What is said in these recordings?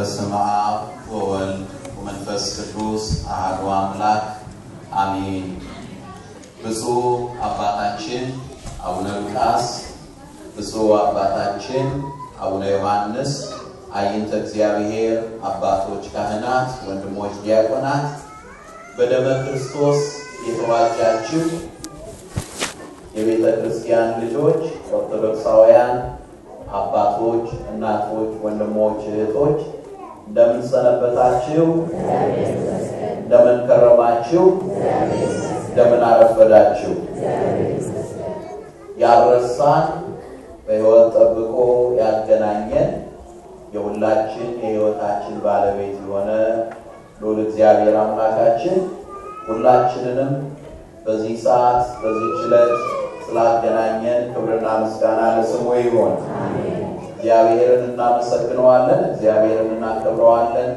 በስመ አብ ወወልድ ወመንፈስ ቅዱስ አሐዱ አምላክ አሜን። ብፁዕ አባታችን አቡነ ሉቃስ፣ ብፁዕ አባታችን አቡነ ዮሐንስ፣ አይንተ እግዚአብሔር አባቶች ካህናት፣ ወንድሞች ዲያቆናት፣ በደመ ክርስቶስ የተዋጃችሁ የቤተ ክርስቲያን ልጆች ኦርቶዶክሳውያን አባቶች፣ እናቶች፣ ወንድሞች፣ እህቶች እንደምንሰነበታችሁ፣ እንደምንከረማችሁ፣ እንደምን አረፈዳችሁ። ያልረሳን በሕይወት ጠብቆ ያገናኘን የሁላችን የሕይወታችን ባለቤት የሆነ ልዑል እግዚአብሔር አምላካችን ሁላችንንም በዚህ ሰዓት በዚህ ችለት ስላገናኘን ክብርና ምስጋና ለስሙ ይሆን። እግዚአብሔርን እናመሰግነዋለን፣ እግዚአብሔርን እናከብረዋለን።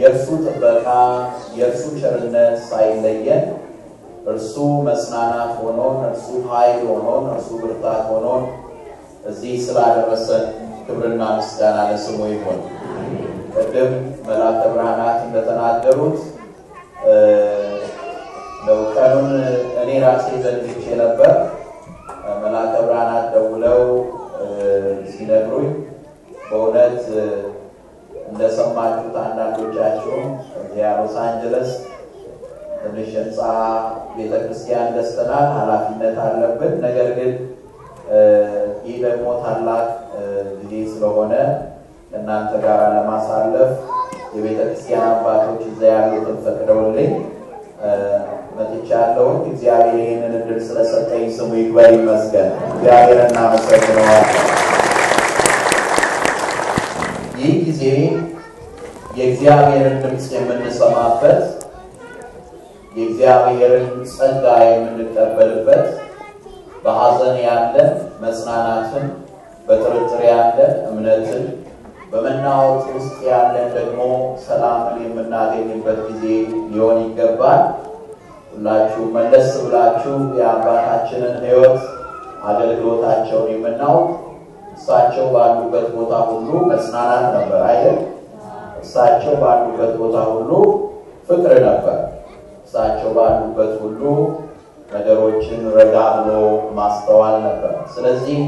የእርሱ ጥበቃ የእርሱ ቸርነት ሳይለየን እርሱ መጽናናት ሆኖን እርሱ ኃይል ሆኖን እርሱ ብርታት ሆኖን እዚህ ስላደረሰን ክብርና ምስጋና ለስሙ ይሆን። ቅድም መላከ ብርሃናት እንደተናገሩት ነው ቀኑን እኔ ራሴ ዘንግቼ ነበር። መላከ ብርሃናት ደውለው ሲነግሩኝ በእውነት እንደሰማችሁት አንዳንዶቻችሁ እዚያ ሎስ አንጀለስ ትንሽ ህንፃ ቤተክርስቲያን ደስተናል ኃላፊነት አለብን። ነገር ግን ይህ ደግሞ ታላቅ ጊዜ ስለሆነ እናንተ ጋር ለማሳለፍ የቤተክርስቲያን አባቶች እዛ ያሉትን ፈቅደውልኝ መጥቻለሁ። እግዚአብሔር ይህንን እድል ስለሰጠኝ ስሙ ይግባ ይመስገን። እግዚአብሔር እናመሰግነዋለን። ይህ ጊዜ የእግዚአብሔርን ድምፅ የምንሰማበት የእግዚአብሔርን ጸጋ የምንቀበልበት በሐዘን ያለን መጽናናትን፣ በጥርጥር ያለን እምነትን፣ በመናወጥ ውስጥ ያለን ደግሞ ሰላምን የምናገኝበት ጊዜ ሊሆን ይገባል። ሁላችሁ መለስ ብላችሁ የአባታችንን ህይወት አገልግሎታቸውን የምናውቅ እሳቸው ባሉበት ቦታ ሁሉ መጽናናት ነበር አይደል? እሳቸው ባሉበት ቦታ ሁሉ ፍቅር ነበር። እሳቸው ባሉበት ሁሉ ነገሮችን ረጋ ብሎ ማስተዋል ነበር። ስለዚህ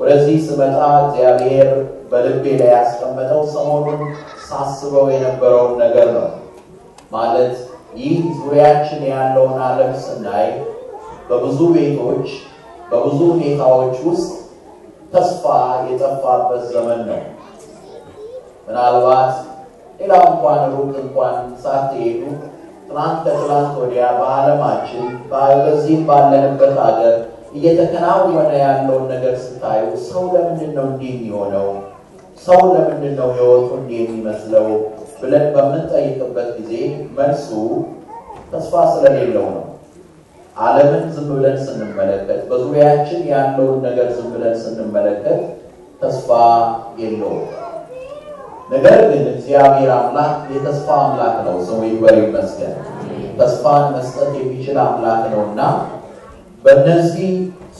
ወደዚህ ስመጣ እግዚአብሔር በልቤ ላይ ያስቀመጠው ሰሞኑን ሳስበው የነበረውን ነገር ነው። ማለት ይህ ዙሪያችን ያለውን አለም ስናይ በብዙ ቤቶች፣ በብዙ ሁኔታዎች ውስጥ ተስፋ የጠፋበት ዘመን ነው። ምናልባት ሌላ እንኳን ሩቅ እንኳን ሳትሄዱ ትናንት ከትላንት ወዲያ በዓለማችን በዚህም ባለንበት ሀገር እየተከናወነ ያለውን ነገር ስታዩ ሰው ለምንድን ነው እንዲህ የሚሆነው? ሰው ለምንድን ነው ህይወቱ እንዲህ የሚመስለው ብለን በምንጠይቅበት ጊዜ መልሱ ተስፋ ስለሌለው ነው። ዓለምን ዝም ብለን ስንመለከት፣ በዙሪያችን ያለውን ነገር ዝም ብለን ስንመለከት ተስፋ የለውም። ነገር ግን እግዚአብሔር አምላክ የተስፋ አምላክ ነው። ስሙ ይበር ይመስገን። ተስፋን መስጠት የሚችል አምላክ ነው እና በእነዚህ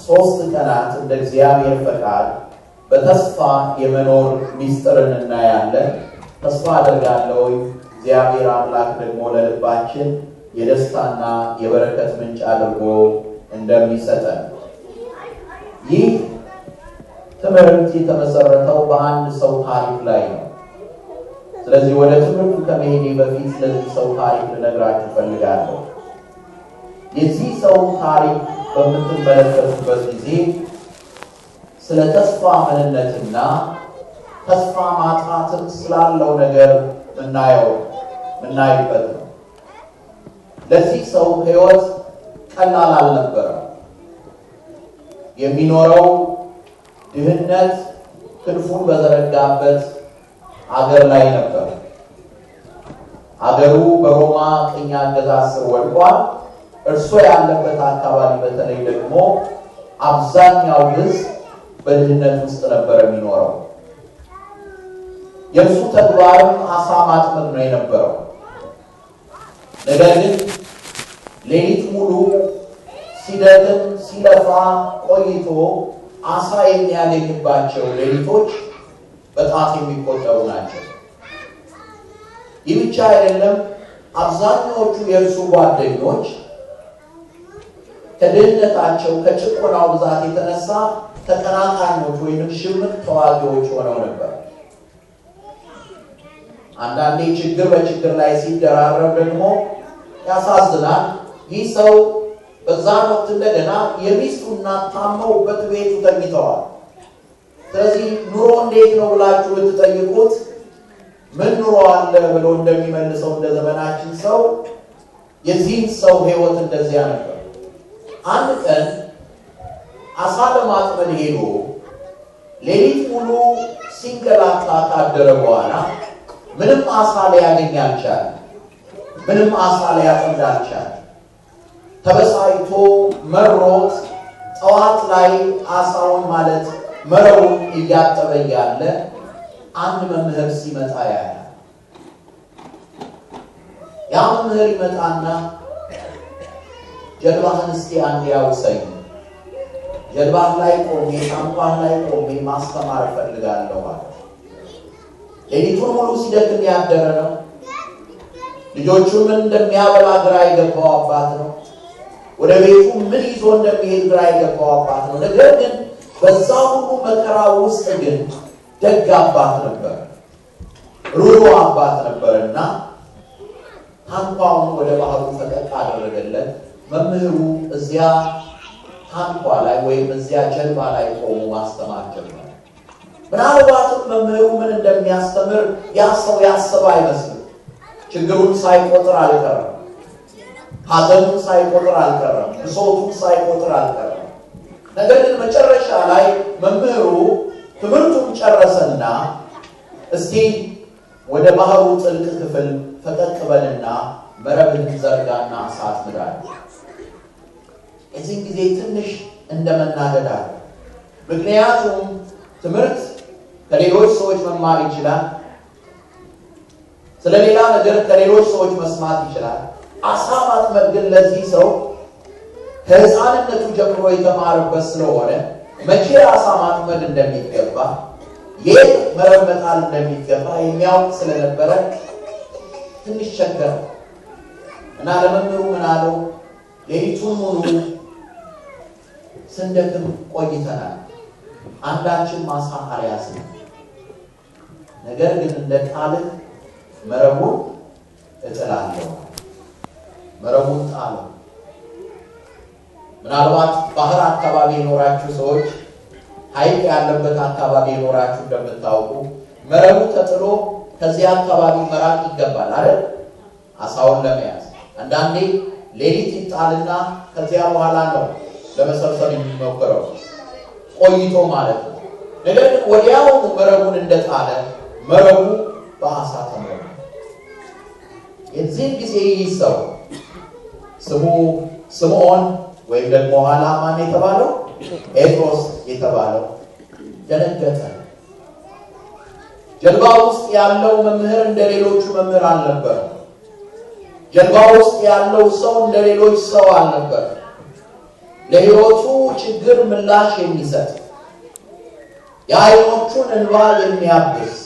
ሶስት ቀናት እንደ እግዚአብሔር ፈቃድ በተስፋ የመኖር ሚስጥርን እናያለን። ተስፋ አደርጋለሁ እግዚአብሔር አምላክ ደግሞ ለልባችን የደስታና የበረከት ምንጭ አድርጎ እንደሚሰጠን ይህ ትምህርት የተመሰረተው በአንድ ሰው ታሪክ ላይ ነው። ስለዚህ ወደ ትምህርቱ ከመሄዴ በፊት ስለዚህ ሰው ታሪክ ልነግራችሁ እፈልጋለሁ። የዚህ ሰው ታሪክ በምትመለከቱበት ጊዜ ስለ ተስፋ ምንነትና ተስፋ ማጣትም ስላለው ነገር ምናየው ምናይበት ለዚህ ሰው ህይወት ቀላል አልነበረም። የሚኖረው ድህነት ክንፉን በዘረጋበት አገር ላይ ነበር። አገሩ በሮማ ቅኝ አገዛዝ ስር ወድቋል። እርሶ ያለበት አካባቢ በተለይ ደግሞ አብዛኛው ህዝብ በድህነት ውስጥ ነበር የሚኖረው። የእርሱ ተግባርም አሳ ማጥመድ ነው የነበረው። ነገር ግን ሌሊት ሙሉ ሲደክም ሲለፋ ቆይቶ አሳ የሚያገኝባቸው ሌሊቶች በጣት የሚቆጠሩ ናቸው። ይህ ብቻ አይደለም። አብዛኛዎቹ የእርሱ ጓደኞች ከድህነታቸው ከጭቆናው ብዛት የተነሳ ተቀናቃኞች ወይም ሽምቅ ተዋጊዎች ሆነው ነበር። አንዳንዴ ችግር በችግር ላይ ሲደራረብ ደግሞ ያሳዝናል። ይህ ሰው በዛን ወቅት እንደገና የሚስቱ እናት ታመውበት ቤቱ ተኝተዋል። ስለዚህ ኑሮ እንዴት ነው ብላችሁ ብትጠይቁት ምን ኑሮ አለ ብሎ እንደሚመልሰው እንደ ዘመናችን ሰው የዚህን ሰው ህይወት እንደዚያ ነበር። አንድ ቀን አሳ ለማጥመድ ሄዶ ሌሊት ሙሉ ሲንገላታ ካደረ በኋላ ምንም አሳ ሊያገኝ አልቻለም። ምንም አሳ ሊያጠምድ አልቻለም። ተበሳይቶ መሮት ጠዋት ላይ አሳውን ማለት መረቡን እያጠበ ያለ አንድ መምህር ሲመጣ ያለ ያ መምህር ይመጣና ጀልባህን እስቲ አንድ ያውሰኝ፣ ጀልባህ ላይ ቆሜ ታንኳን ላይ ቆሜ ማስተማር እፈልጋለሁ ማለት ሌሊቱን ሙሉ ሲደክም ያደረ ነው። ልጆቹም እንደሚያበላ ግራ የገባው አባት ነው። ወደ ቤቱ ምን ይዞ እንደሚሄድ ግራ የገባው አባት ነው። ነገር ግን በዛ ሁሉ መከራ ውስጥ ግን ደግ አባት ነበር፣ ሩሩ አባት ነበርና ታንኳውን ወደ ባህሩ ፈቀቅ አደረገለት። መምህሩ እዚያ ታንኳ ላይ ወይም እዚያ ጀልባ ላይ ቆሞ ማስተማር ጀመረ። ምናልባትም መምህሩ ምን እንደሚያስተምር ያ ሰው ያሰበ አይመስልም። ችግሩን ሳይቆጥር አልቀረም። ሐዘኑን ሳይቆጥር አልቀረም፣ ብሶቱን ሳይቆጥር አልቀረም። ነገር ግን መጨረሻ ላይ መምህሩ ትምህርቱን ጨረሰና እስቲ ወደ ባህሩ ጥልቅ ክፍል ፈቀቅ በልና መረብን ዘርጋና እሳት ምዳል። የዚህን ጊዜ ትንሽ እንደመናደድ አለ። ምክንያቱም ትምህርት ከሌሎች ሰዎች መማር ይችላል። ስለ ሌላ ነገር ከሌሎች ሰዎች መስማት ይችላል። አሳ ማጥመድ ግን ለዚህ ሰው ከህፃንነቱ ጀምሮ የተማረበት ስለሆነ መቼ አሳ ማጥመድ እንደሚገባ ይህ መረብ መጣል እንደሚገባ የሚያውቅ ስለነበረ ትንሽ ቸገረ እና ለመምህሩ ምን አለው፣ ሌሊቱን ሙሉ ቆይተናል፣ አንዳችን ማሳ አልያዝንም። ነገር ግን እንደ ቃልህ መረቡን እጥላለሁ መረቡን ጣለው። ምናልባት ባህር አካባቢ የኖራችሁ ሰዎች ሀይቅ ያለበት አካባቢ የኖራችሁ እንደምታውቁ መረቡ ተጥሎ ከዚያ አካባቢ መራቅ ይገባል አይደል? አሳውን ለመያዝ አንዳንዴ ሌሊት ይጣልና ከዚያ በኋላ ነው ለመሰብሰብ የሚሞክረው ቆይቶ ማለት ነው። ነገር ግን ወዲያውኑ መረቡን እንደጣለ መረቡ በአሳ ተሞላ። የዚህን ጊዜ ይህ ሰው ስሙ ስምዖን ወይም ደግሞ ኋላ ማን የተባለው ጴጥሮስ የተባለው ደነገጠ። ጀልባ ውስጥ ያለው መምህር እንደ ሌሎቹ መምህር አልነበር ጀልባ ውስጥ ያለው ሰው እንደ ሌሎች ሰው አልነበር ለሕይወቱ ችግር ምላሽ የሚሰጥ የአይኖቹን እንባ የሚያብስ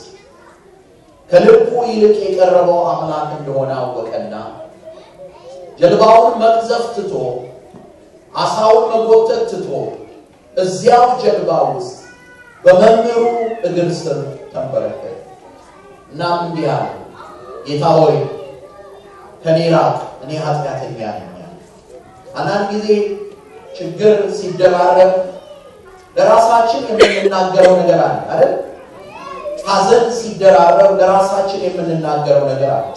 ከልቡ ይልቅ የቀረበው አምላክ እንደሆነ አወቀና ጀልባውን መቅዘፍ ትቶ አሳውን መጎተት ትቶ እዚያው ጀልባ ውስጥ በመምህሩ እግር ስር ተንበረከ እና እንዲህ አለ፣ ጌታ ሆይ ከኔ ራቅ፣ እኔ ኃጢአተኛ ነኝ። አንዳንድ ጊዜ ችግር ሲደራረብ ለራሳችን የምንናገረው ነገር አለ አይደል? ሀዘን ሲደራረብ ለራሳችን የምንናገረው ነገር አለ።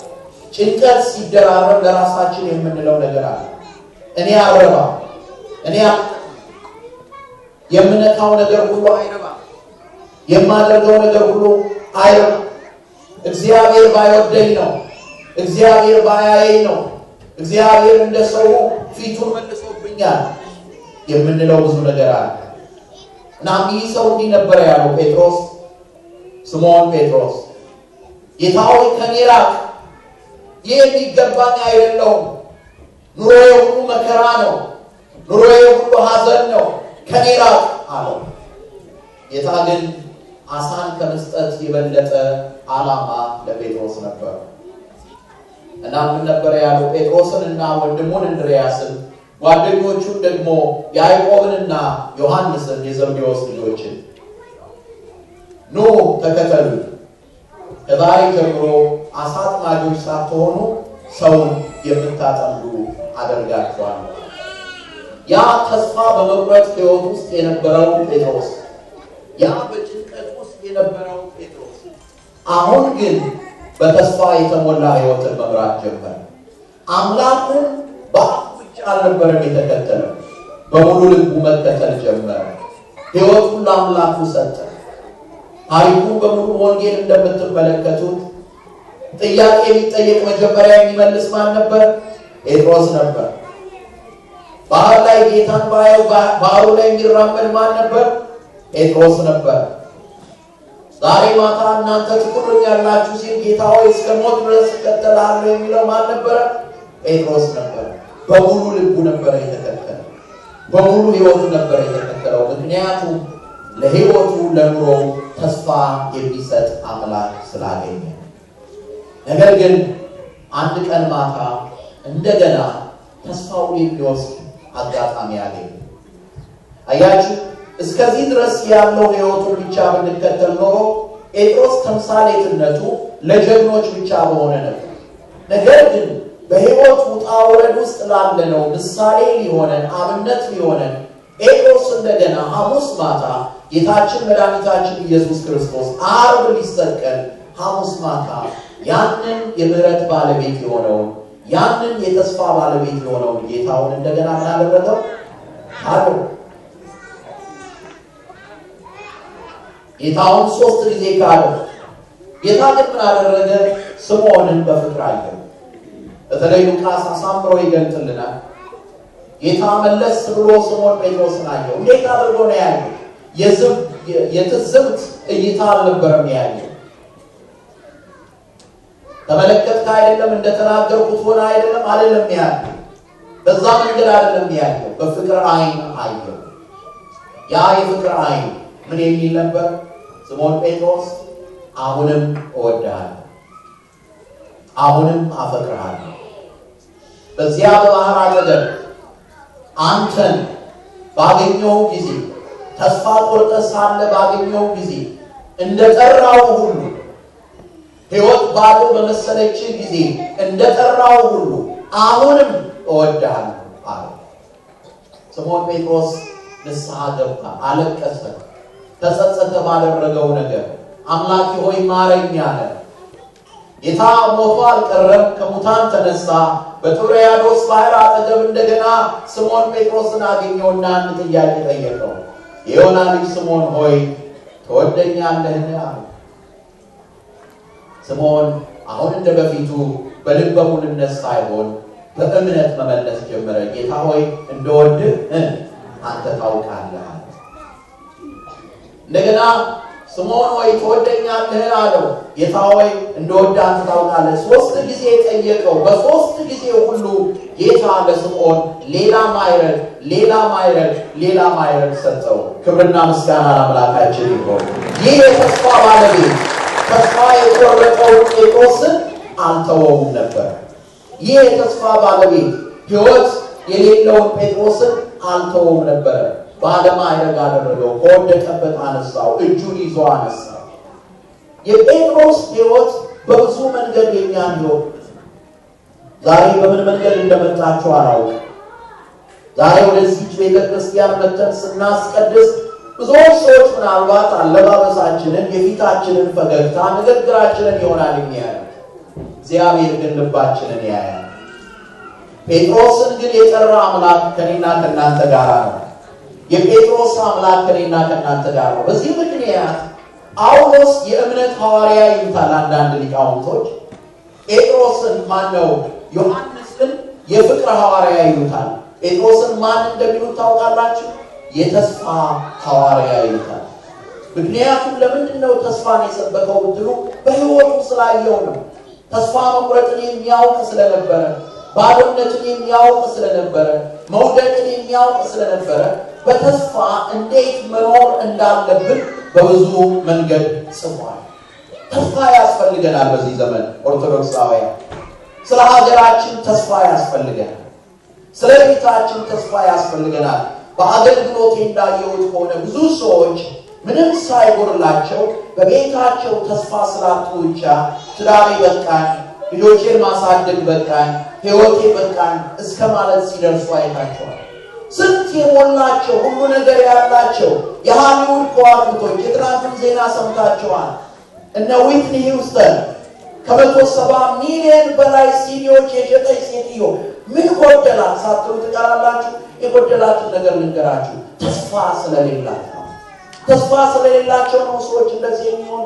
ጭንቀት ሲደራረብ ለራሳችን የምንለው ነገር አለ። እኔ አረባ እኔ የምነካው ነገር ሁሉ አይረባ፣ የማደርገው ነገር ሁሉ አይረባ፣ እግዚአብሔር ባይወደኝ ነው፣ እግዚአብሔር ባያየኝ ነው፣ እግዚአብሔር እንደ ሰው ፊቱን መልሶብኛል የምንለው ብዙ ነገር አለ። እና ይህ ሰው እንዲህ ነበረ ያለው ጴጥሮስ፣ ስምዖን ጴጥሮስ ጌታ ሆይ ከኔ ራቅ ይህ የሚገባኝ አይደለሁም። ኑሮ የሁሉ መከራ ነው፣ ኑሮ የሁሉ ሐዘን ነው፣ ከኔ ራቅ አለው። ጌታ ግን አሳን ከመስጠት የበለጠ ዓላማ ለጴጥሮስ ነበር እና ምን ነበረ ያለው? ጴጥሮስንና ወንድሙን እንድርያስን ጓደኞቹን ደግሞ ያዕቆብንና ዮሐንስን የዘብዴዎስ ልጆችን ኑ ተከተሉ ከባህሪ ጀምሮ አሳ አጥማጆች ሳትሆኑ ሰውን የምታጠምዱ አደርጋችኋለሁ። ያ ተስፋ በመቁረጥ ሕይወት ውስጥ የነበረው ጴጥሮስ፣ ያ በጭንቀት ውስጥ የነበረው ጴጥሮስ አሁን ግን በተስፋ የተሞላ ሕይወትን መምራት ጀመር አምላኩን በአፉ ብቻ አልነበረም የተከተለው፣ በሙሉ ልቡ መከተል ጀመረ። ሕይወቱን ለአምላኩ ሰጠ። ታሪኩ በሙሉ ወንጌል እንደምትመለከቱት ጥያቄ የሚጠየቅ መጀመሪያ የሚመልስ ማን ነበር? ጴጥሮስ ነበር። ባህር ላይ ጌታን ባየው ባህሩ ላይ የሚራመድ ማን ነበር? ጴጥሮስ ነበር። ዛሬ ማታ እናንተ ያላችሁ ሲል ጌታ ሆይ እስከ ሞት ድረስ እከተልሃለሁ የሚለው ማን ነበረ? ጴጥሮስ ነበር። በሙሉ ልቡ ነበረ የተከተለው፣ በሙሉ ህይወቱ ነበረ የተከተለው። ምክንያቱም ለህይወቱ ለኑሮ ተስፋ የሚሰጥ አምላክ ስላገኘ ነገር ግን አንድ ቀን ማታ እንደገና ተስፋውን የሚወስድ አጋጣሚ ያገኘ። አያችሁ፣ እስከዚህ ድረስ ያለው ህይወቱን ብቻ ብንከተል ኖሮ ጴጥሮስ ተምሳሌትነቱ ለጀግኖች ብቻ በሆነ ነበር። ነገር ግን በህይወት ውጣ ወረድ ውስጥ ላለነው ምሳሌ ሊሆነን አብነት ሊሆነን ጴጥሮስ እንደገና አሙስ ማታ ጌታችን መድኃኒታችን ኢየሱስ ክርስቶስ አርብ ሊሰቀል ሐሙስ ማታ ያንን የምህረት ባለቤት የሆነውን ያንን የተስፋ ባለቤት የሆነውን ጌታውን እንደገና ምናደረገው አለ ጌታውን ሶስት ጊዜ ካለ። ጌታ ግን ምን አደረገ? ስምዖንን በፍቅር አየው። በተለይ ሉቃስ አሳምሮ ይገልጥልናል። ጌታ መለስ ብሎ ስምዖን ጴጥሮስን አየው። እንዴት አድርጎ ነው ያየው? የትዝብት እይታ አልነበረም ያለው። ተመለከትከ አይደለም እንደተናገርኩት ሆነ አይደለም አይደለም ያለ በዛ መንገድ አይደለም ያለው። በፍቅር አይን አየው። ያ የፍቅር አይን ምን የሚል ነበር? ስሞን ጴጥሮስ አሁንም እወድሃለሁ፣ አሁንም አፈቅርሃለሁ። በዚያ በባህር አጠገብ አንተን ባገኘው ጊዜ ተስፋ ቆርጠ ሳለ ባገኘው ጊዜ እንደጠራው ሁሉ ህይወት ባዶ በመሰለች ጊዜ እንደጠራው ሁሉ አሁንም እወድሃለሁ አለ። ስሞን ጴጥሮስ ንስሐ ገባ፣ አለቀሰ፣ ተጸጸተ ባደረገው ነገር። አምላኪ ሆይ ማረኝ አለ። ጌታ ሞቶ አልቀረም፣ ከሙታን ተነሳ። በቱሪያዶስ ባህር አጠገብ እንደገና ስሞን ጴጥሮስን አገኘውና አንድ ጥያቄ ጠየቀው። የዮና ልጅ ስምዖን ሆይ ትወደኛለህን? አሉ። ስምዖን አሁን እንደ በፊቱ በልበ ሳይሆን በእምነት መመለስ ጀመረ። ጌታ ሆይ እንደወድህ አንተ ታውቃለህ። እንደገና ስምዖን ሆይ ትወደኛለህ አለው። ጌታ ሆይ እንደወዳት ታውቃለህ። ሶስት ጊዜ የጠየቀው በሶስት ጊዜ ሁሉ ጌታ ለስምዖን ሌላ ማይረግ ሌላ ማይረግ ሌላ ማይረግ ሰጠው። ክብርና ምስጋና ለአምላካችን ይሆን። ይህ የተስፋ ባለቤት ተስፋ የቆረጠው ጴጥሮስን አልተወውም ነበር። ይህ የተስፋ ባለቤት ህይወት የሌለውን ጴጥሮስን አልተወውም ነበረ። ባለማዕረግ አደረገው፣ ከወደቀበት አነሳው፣ እጁን ይዞ አነሳ። የጴጥሮስ ሕይወት በብዙ መንገድ የኛ ዛሬ በምን መንገድ እንደመጣችሁ አላውቅም። ዛሬ ወደዚች ቤተ ክርስቲያን መተን ስናስቀድስ ብዙዎች ሰዎች ምናልባት አለባበሳችንን፣ የፊታችንን ፈገግታ፣ ንግግራችንን ይሆናል የሚያዩት። እግዚአብሔር ግን ልባችንን ያያል። ጴጥሮስን ግን የጠራ አምላክ ከኔና ከእናንተ ጋር ነው። የጴጥሮስ አምላክ ከኔና ከእናንተ ጋር ነው። በዚህ ምክንያት ጳውሎስ የእምነት ሐዋርያ ይሉታል አንዳንድ ሊቃውንቶች። ጴጥሮስን ማን ነው? ዮሐንስን የፍቅር ሐዋርያ ይሉታል። ጴጥሮስን ማን እንደሚሉት ታውቃላችሁ? የተስፋ ሐዋርያ ይሉታል። ምክንያቱም ለምንድን ነው ተስፋን የሰበከው ብትሉ፣ በሕይወቱ ስላየው ነው። ተስፋ መቁረጥን የሚያውቅ ስለነበረ ባዶነትን የሚያውቅ ስለነበረ መውደቅን የሚያውቅ ስለነበረ በተስፋ እንዴት መኖር እንዳለብን በብዙ መንገድ ጽፏል። ተስፋ ያስፈልገናል። በዚህ ዘመን ኦርቶዶክሳውያን ስለ ሀገራችን ተስፋ ያስፈልገናል። ስለ ቤታችን ተስፋ ያስፈልገናል። በአገልግሎት እንዳየሁት ከሆነ ብዙ ሰዎች ምንም ሳይጎርላቸው በቤታቸው ተስፋ ስላቱ ብቻ ትዳሪ በቃኝ፣ ልጆቼን ማሳደግ በቃኝ ህይወቴ በቃን እስከ ማለት ሲደርሱ አይታቸዋል። ስንት የሞላቸው ሁሉ ነገር ያላቸው የሃሊውድ ከዋክቶች የትናንትም ዜና ሰምታችኋል። እነ ዊትኒ ሂውስተን ከመቶ ሰባ ሚሊዮን በላይ ሲዲዎች የሸጠች ሴትዮ ምን ጎደላት ሳትሩ ትቀራላችሁ። የጎደላችሁ ነገር ልንገራችሁ፣ ተስፋ ስለሌላት ተስፋ ስለሌላቸው ነው ሰዎች እንደዚህ የሚሆኑ።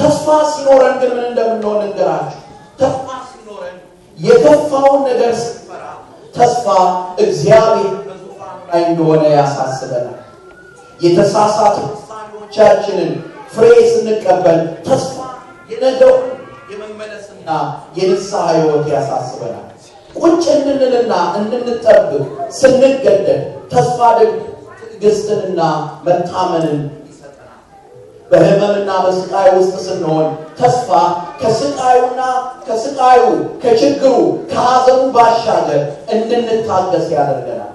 ተስፋ ሲኖረን ግን ምን እንደምንሆን ልንገራችሁ። ተስፋ ሲኖረን የተፋውን ነገር ስንፈራ ተስፋ እግዚአብሔር በዙፋኑ ላይ እንደሆነ ያሳስበናል። የተሳሳቱ ውሳኔዎቻችንን ፍሬ ስንቀበል ተስፋ የነገው የመመለስና የንስሐ ህይወት ያሳስበናል። ቁጭ እንድንልና እንድንጠብቅ ስንገደድ ተስፋ ደግ ትዕግስትንና መታመንን ይሰጠናል። በህመምና በስቃይ ውስጥ ስንሆን ተስፋ ከስቃዩና ከስቃዩ ከችግሩ ከሐዘኑ ባሻገር እንድንታገስ ያደርገናል።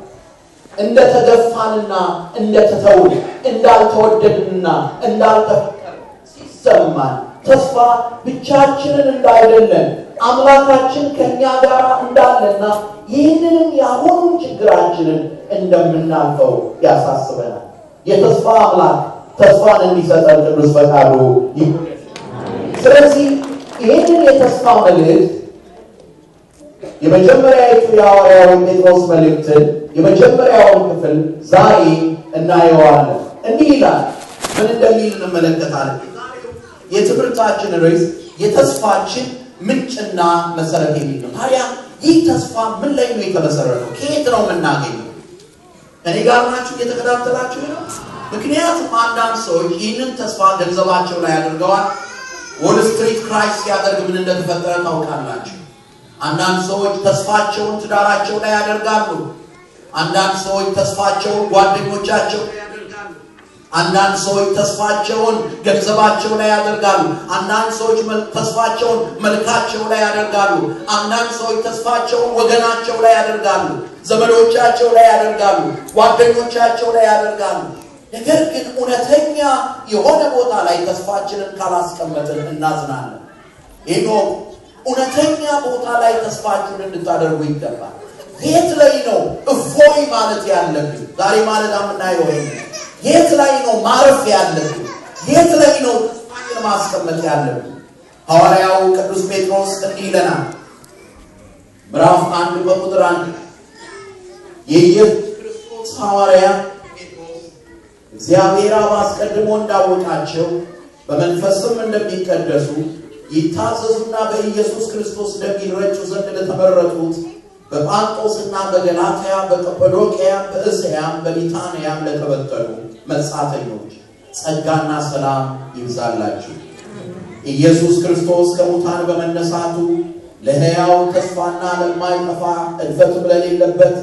እንደተደፋንና እንደተተውን እንዳልተወደድንና እንዳልተፈቀርን ሲሰማን ተስፋ ብቻችንን እንዳይደለን አምላካችን ከእኛ ጋር እንዳለና ይህንንም የአሁኑን ችግራችንን እንደምናልፈው ያሳስበናል። የተስፋ አምላክ ተስፋን እንዲሰጠን ቅዱስ ፈቃዱ ይሁን። ስለዚህ ይህንን የተስፋ መልእክት የመጀመሪያዊቱ የሐዋርያውን ጴጥሮስ መልእክትን የመጀመሪያውን ክፍል ዛሬ እናየዋለን። እንዲህ ይላል። ምን እንደሚል እንመለከታለን። የትምህርታችን ርዕስ የተስፋችን ምንጭና መሰረት የሚል ነው። ታዲያ ይህ ተስፋ ምን ላይ ነው የተመሰረተው? ከየት ነው የምናገኘው? እኔ ጋር ናችሁ? እየተከታተላችሁ ነው? ምክንያቱም አንዳንድ ሰዎች ይህንን ተስፋ ገንዘባቸው ላይ አድርገዋል። ዎል ስትሪት ክራሽ ሲያደርግ ምን እንደተፈጠረ ታውቃላችሁ። አንዳንድ ሰዎች ተስፋቸውን ትዳራቸው ላይ ያደርጋሉ። አንዳንድ ሰዎች ተስፋቸውን ጓደኞቻቸው አንዳንድ ሰዎች ተስፋቸውን ገንዘባቸው ላይ ያደርጋሉ። አንዳንድ ሰዎች ተስፋቸውን መልካቸው ላይ ያደርጋሉ። አንዳንድ ሰዎች ተስፋቸውን ወገናቸው ላይ ያደርጋሉ። ዘመዶቻቸው ላይ ያደርጋሉ። ጓደኞቻቸው ላይ ያደርጋሉ። ነገር ግን እውነተኛ የሆነ ቦታ ላይ ተስፋችንን ካላስቀመጥን እናዝናለን። ሄኖክ እውነተኛ ቦታ ላይ ተስፋችሁን እንድታደርጉ ይገባል። የት ላይ ነው እፎይ ማለት ያለብን? ዛሬ ማለት የምናየው ይሄ የት ላይ ነው ማረፍ ያለብን? የት ላይ ነው ተስፋችን ማስቀመጥ ያለብን? ሐዋርያው ቅዱስ ጴጥሮስ እንዲህ ይለናል። ምራፍ አንድ በቁጥር አንድ የኢየሱስ ክርስቶስ ሐዋርያ እግዚአብሔር አብ አስቀድሞ እንዳወቃቸው በመንፈስም እንደሚቀደሱ ይታዘዙና በኢየሱስ ክርስቶስ ደም ዘንድ ለተመረጡት በጳንጦስና በገላትያ በቀጰዶቅያም በእስያም በቢታንያም ለተበጠሉ መጻተኞች ጸጋና ሰላም ይብዛላችሁ። ኢየሱስ ክርስቶስ ከሙታን በመነሳቱ ለሕያው ተስፋና ለማይጠፋ እድፈትም ለሌለበት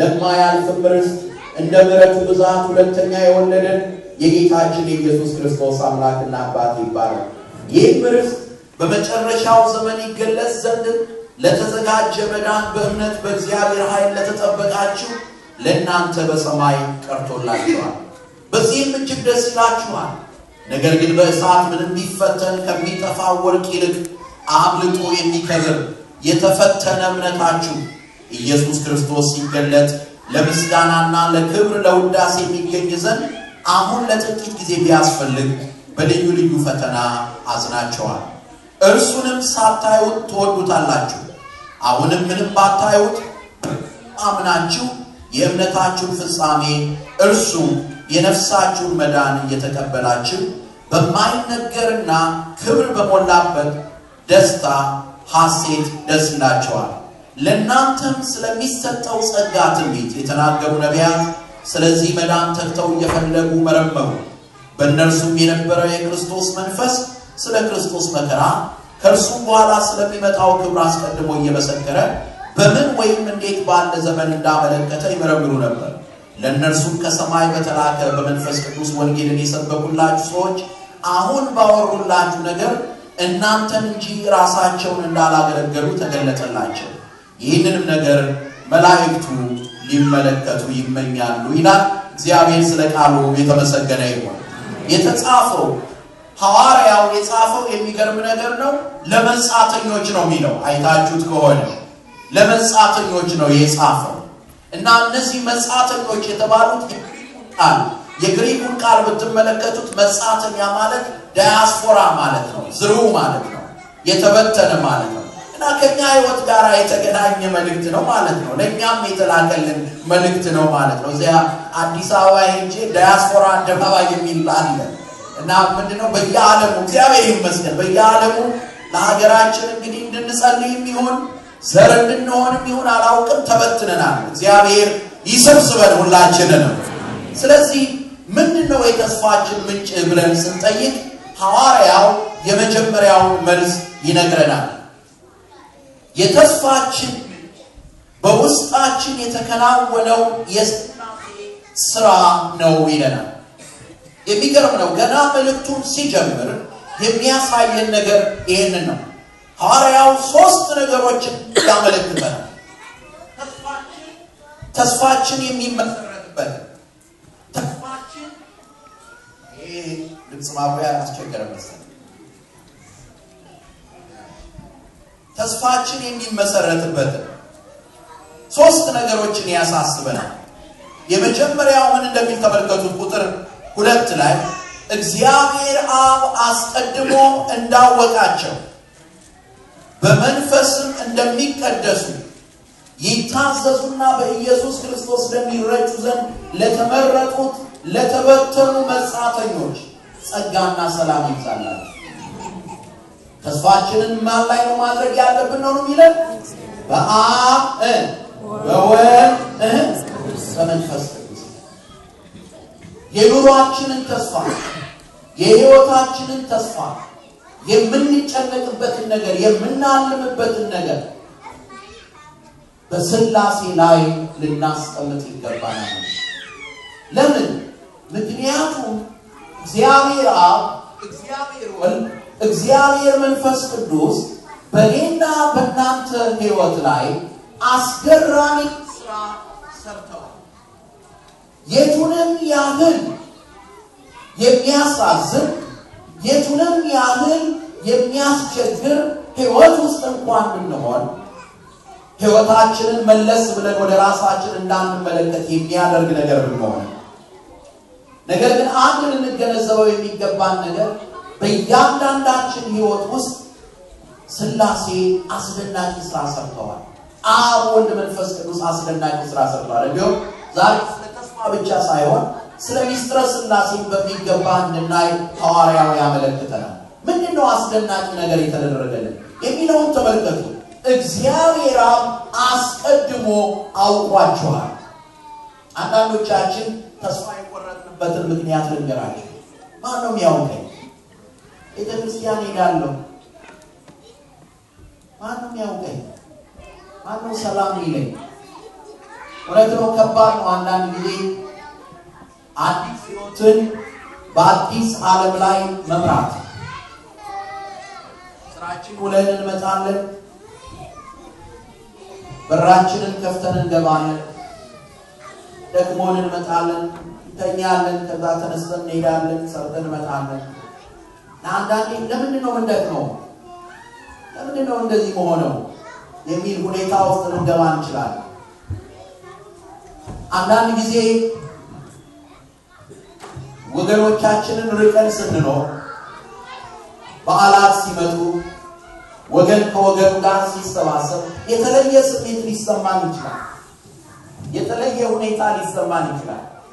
ለማያልፍም ርስት እንደ ምሕረቱ ብዛት ሁለተኛ የወለደን የጌታችን የኢየሱስ ክርስቶስ አምላክና አባት ይባላል። ይህም ርስት በመጨረሻው ዘመን ይገለጽ ዘንድ ለተዘጋጀ መዳን በእምነት በእግዚአብሔር ኃይል ለተጠበቃችሁ ለእናንተ በሰማይ ቀርቶላችኋል። በዚህም እጅግ ደስ ይላችኋል። ነገር ግን በእሳት ምንም ቢፈተን ከሚጠፋ ወርቅ ይልቅ አብልጦ የሚከብር የተፈተነ እምነታችሁ ኢየሱስ ክርስቶስ ሲገለጥ ለምስጋናና ለክብር ለውዳሴ የሚገኝ ዘንድ አሁን ለጥቂት ጊዜ ቢያስፈልግ በልዩ ልዩ ፈተና አዝናቸዋል። እርሱንም ሳታዩት ትወዱታላችሁ። አሁንም ምንም ባታዩት አምናችሁ የእምነታችሁ ፍጻሜ እርሱ የነፍሳችሁን መዳን እየተቀበላችሁ በማይነገርና ክብር በሞላበት ደስታ ሐሴት ደስ ይላቸዋል። ለእናንተም ስለሚሰጠው ጸጋ ትንቢት የተናገሩ ነቢያት ስለዚህ መዳን ተግተው እየፈለጉ መረመሩ። በእነርሱም የነበረው የክርስቶስ መንፈስ ስለ ክርስቶስ መከራ ከእርሱም በኋላ ስለሚመጣው ክብር አስቀድሞ እየመሰከረ በምን ወይም እንዴት ባለ ዘመን እንዳመለከተ ይመረምሩ ነበር። ለእነርሱም ከሰማይ በተላከ በመንፈስ ቅዱስ ወንጌልን የሰበኩላችሁ ሰዎች አሁን ባወሩላችሁ ነገር እናንተን እንጂ ራሳቸውን እንዳላገለገሉ ተገለጠላቸው። ይህንንም ነገር መላእክቱ ሊመለከቱ ይመኛሉ ይላል። እግዚአብሔር ስለ ቃሉ የተመሰገነ ይሆን። የተጻፈው ሐዋርያው የጻፈው የሚገርም ነገር ነው። ለመጻተኞች ነው የሚለው አይታችሁት ከሆነ ለመጻተኞች ነው የጻፈው እና እነዚህ መጻተኞች የተባሉት ቃል የግሪኩን ቃል ብትመለከቱት መጻተኛ ማለት ዳያስፖራ ማለት ነው፣ ዝርው ማለት ነው፣ የተበተነ ማለት ነው። እና ከኛ ህይወት ጋር የተገናኘ መልእክት ነው ማለት ነው። ለእኛም የተላከልን መልእክት ነው ማለት ነው። እዚያ አዲስ አበባ ሄጄ ዳያስፖራ አደባባይ የሚል አለ እና ምንድነው በየዓለሙ እግዚአብሔር ይመስገን በየዓለሙ ለሀገራችን እንግዲህ እንድንጸልይም የሚሆን ዘር እንድንሆንም የሚሆን አላውቅም፣ ተበትነናል። እግዚአብሔር ይሰብስበን ሁላችን ነው። ስለዚህ ምንድነው ነው የተስፋችን ምንጭ ብለን ስንጠይቅ ሐዋርያው የመጀመሪያው መልስ ይነግረናል። የተስፋችን በውስጣችን የተከናወነው የስላሴ ስራ ነው ይለናል። የሚገርም ነው። ገና መልእክቱን ሲጀምር የሚያሳየን ነገር ይህንን ነው። ሐዋርያው ሶስት ነገሮችን ያመለክተናል። ተስፋችን የሚመሰረትበት ተስፋችን ይህ ድምፅ ማቆያ አስቸገረ መሰለኝ ተስፋችን የሚመሰረትበት ሶስት ነገሮችን ያሳስበናል። የመጀመሪያው ምን እንደሚል ተመልከቱት። ቁጥር ሁለት ላይ እግዚአብሔር አብ አስቀድሞ እንዳወቃቸው በመንፈስም እንደሚቀደሱ ይታዘዙና በኢየሱስ ክርስቶስ ለሚረጩ ዘንድ ለተመረጡት ለተበተኑ መጻተኞች ጸጋና ሰላም ይብዛላችሁ። ተስፋችንን ማን ላይ ነው ማድረግ ያለብን ነው የሚለን? በአብ በወልድ በመንፈስ የኑሯችንን ተስፋ የህይወታችንን ተስፋ የምንጨነቅበትን ነገር የምናልምበትን ነገር በስላሴ ላይ ልናስቀምጥ ይገባናል። ለምን? ምክንያቱም እግዚአብሔር አብ፣ እግዚአብሔር ወልድ እግዚአብሔር መንፈስ ቅዱስ በኔና በእናንተ ህይወት ላይ አስገራሚ ስራ ሰርተዋል። የቱንም ያህል የሚያሳዝን የቱንም ያህል የሚያስቸግር ህይወት ውስጥ እንኳን ብንሆን ህይወታችንን መለስ ብለን ወደ ራሳችን እንዳንመለከት የሚያደርግ ነገር ብንሆን፣ ነገር ግን አንድ ልንገነዘበው የሚገባን ነገር በእያንዳንዳችን ህይወት ውስጥ ስላሴ አስደናቂ ስራ ሰርተዋል። አብ፣ ወልድ፣ መንፈስ ቅዱስ አስደናቂ ስራ ሰርተዋል። እንዲሁም ዛሬ ስለ ተስፋ ብቻ ሳይሆን ስለ ሚስጥረ ስላሴን በሚገባ እንድናይ ሐዋርያው ያመለክተናል። ምንድ ነው አስደናቂ ነገር የተደረገልን የሚለውን ተመልከቱ። እግዚአብሔር አስቀድሞ አውቋቸዋል? አንዳንዶቻችን ተስፋ የቆረጥንበትን ምክንያት ልንገራቸው ማነው የሚያውቀኝ? ቤተ ክርስቲያን ሄዳለሁ። ማንም ያውቀኝ? ማንም ሰላም ይለኝ? እውነት ነው፣ ከባድ ነው። አንዳንድ ጊዜ አዲስ ሕይወትን በአዲስ አለም ላይ መምራት ስራችን ውለን እንመጣለን። በራችንን ከፍተን እንገባለን። ደክሞን እንመጣለን፣ እንተኛለን። ከዛ ተነስተን እንሄዳለን፣ ሰርተን እንመጣለን። አንዳንዴ ለምንድን ነው የምንደክመው? ለምንድን ነው እንደዚህ መሆነው የሚል ሁኔታ ውስጥ ልንገባ እንችላለን። አንዳንድ ጊዜ ወገኖቻችንን ርቀን ስንኖር በዓላት ሲመጡ ወገን ከወገኑ ጋር ሲሰባሰብ የተለየ ስሜት ሊሰማን ይችላል። የተለየ ሁኔታ ሊሰማን ይችላል።